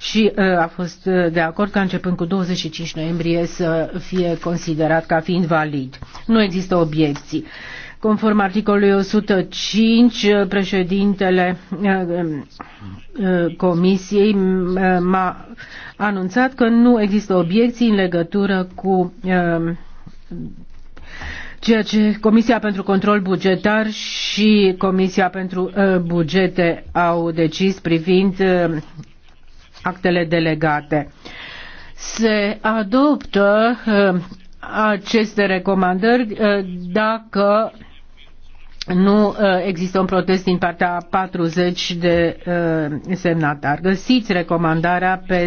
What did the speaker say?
și uh, a fost uh, de acord ca începând cu 25 noiembrie să fie considerat ca fiind valid. Nu există obiecții. Conform articolului 105, uh, președintele um, Comisiei m-a anunțat că nu există obiecții în legătură cu um, ceea ce Comisia pentru Control Bugetar și Comisia pentru Bugete au decis privind actele delegate. Se adoptă uh, aceste recomandări uh, dacă nu uh, există un protest din partea 40 de semnatari. Găsiți recomandarea pe